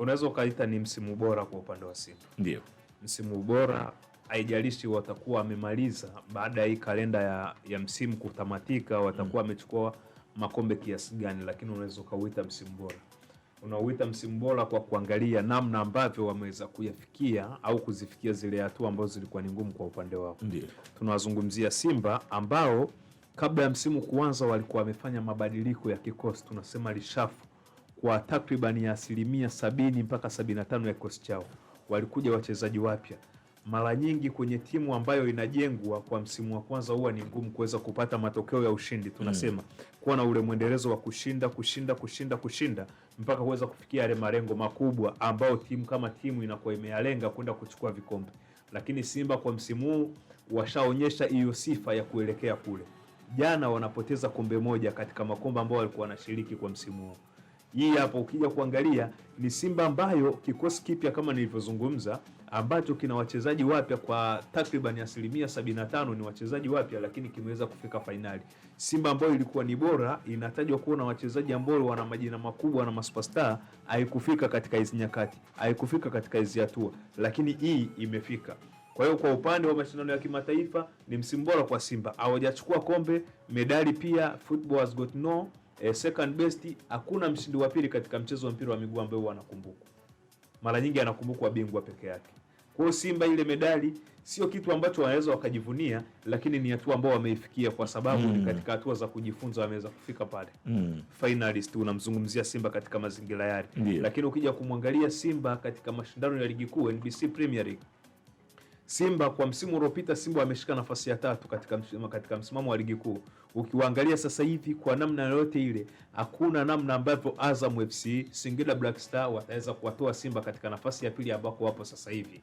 unaweza ukaita ni msimu bora kwa upande wa Simba. Ndio msimu bora, haijalishi watakuwa wamemaliza baada ya hii kalenda ya, ya msimu kutamatika, watakuwa mm. wamechukua mm. makombe kiasi gani, lakini unaweza ukauita msimu bora. Unauita msimu bora kwa kuangalia namna ambavyo wameweza kuyafikia au kuzifikia zile hatua ambazo zilikuwa ni ngumu kwa upande wao. tunawazungumzia Simba ambao kabla ya msimu kuanza walikuwa wamefanya mabadiliko ya kikosi, tunasema reshuffle kwa takribani ya asilimia sabini mpaka sabini na tano ya kikosi chao. Walikuja wachezaji wapya. Mara nyingi kwenye timu ambayo inajengwa kwa msimu wa kwanza huwa ni ngumu kuweza kupata matokeo ya ushindi, tunasema mm, kuwa na ule mwendelezo wa kushinda kushinda kushinda kushinda mpaka kuweza kufikia yale malengo makubwa ambayo timu kama timu inakuwa imeyalenga kwenda kuchukua vikombe. Lakini Simba kwa msimu huu washaonyesha hiyo sifa ya kuelekea kule. Jana wanapoteza kombe moja katika makombe ambao walikuwa wanashiriki kwa msimu huu hii hapo ukija kuangalia ni Simba ambayo kikosi kipya kama nilivyozungumza, ambacho kina wachezaji wapya kwa takriban asilimia 75 ni wachezaji wapya, lakini kimeweza kufika fainali. Simba ambayo ilikuwa ni bora, inatajwa kuwa na wachezaji ambao wana majina makubwa na masuperstar, haikufika katika hizi nyakati, haikufika katika hizi hatua, lakini hii imefika. Kwa hiyo kwa upande wa mashindano ya kimataifa ni msimu bora kwa Simba, hawajachukua kombe, medali pia, football has got no e, second best. Hakuna mshindi wa pili katika mchezo wa mpira wa miguu ambaye anakumbukwa. Mara nyingi anakumbukwa bingwa peke yake. Kwa hiyo Simba ile medali sio kitu ambacho wanaweza wakajivunia, lakini ni hatua ambao wameifikia kwa sababu mm. ni katika hatua za kujifunza wameweza kufika pale mm. finalist. Unamzungumzia Simba katika mazingira yale, lakini ukija kumwangalia Simba katika mashindano ya ligi kuu NBC Premier League Simba kwa msimu uliopita Simba ameshika nafasi ya tatu katika, katika msimamo wa ligi kuu. Ukiwaangalia sasa hivi kwa namna yoyote ile, hakuna namna ambavyo Azam FC, Singida Black Star wataweza kuwatoa Simba katika nafasi ya pili ambako wapo sasa hivi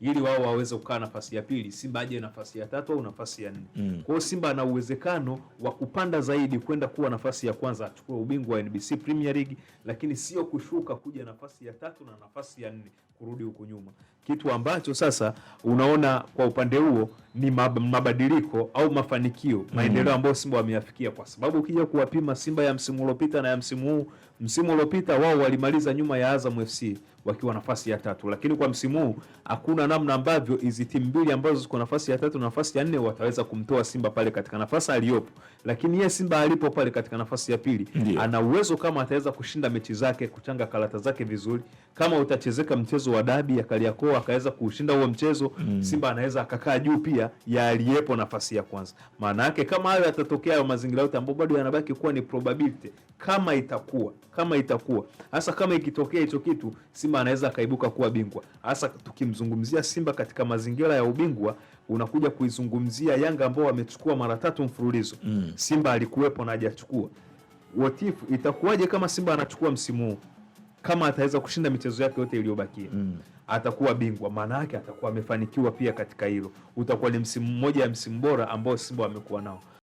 ili wao waweze kukaa nafasi ya pili, Simba aje nafasi ya tatu au nafasi ya nne. Mm. Kwa hiyo Simba ana uwezekano wa kupanda zaidi kwenda kuwa nafasi ya kwanza, achukue ubingwa wa NBC Premier League, lakini sio kushuka kuja nafasi ya tatu na nafasi ya nne kurudi huko nyuma, kitu ambacho sasa unaona kwa upande huo ni mabadiliko au mafanikio mm-hmm. maendeleo ambayo Simba wameyafikia, kwa sababu ukija kuwapima Simba ya msimu uliopita na ya msimu huu, msimu uliopita wao walimaliza nyuma ya Azam FC wakiwa nafasi ya tatu, lakini kwa msimu huu hakuna namna ambavyo hizi timu mbili ambazo ziko nafasi ya tatu na nafasi ya nne wataweza kumtoa Simba pale katika nafasi aliyopo. Lakini yeye Simba alipo pale katika nafasi ya pili, yeah, ana uwezo kama ataweza kushinda mechi zake, kuchanga karata zake vizuri, kama utachezeka mchezo wa dabi ya Kariakoo akaweza kuushinda huo mchezo mm, Simba anaweza akakaa juu pia moja ya aliyepo nafasi ya kwanza. Maana yake kama hayo yatatokea, hayo mazingira yote ambayo bado yanabaki kuwa ni probability, kama itakuwa kama itakuwa hasa kama ikitokea hicho kitu, Simba anaweza akaibuka kuwa bingwa. Hasa tukimzungumzia Simba katika mazingira ya ubingwa, unakuja kuizungumzia Yanga ambao wamechukua mara tatu mfululizo mm. Simba alikuwepo na hajachukua. What if itakuwaje kama Simba anachukua msimu huu, kama ataweza kushinda michezo yake yote iliyobakia mm atakuwa bingwa, maana yake atakuwa amefanikiwa pia katika hilo. Utakuwa ni msimu mmoja ya msimu bora ambao Simba wamekuwa nao.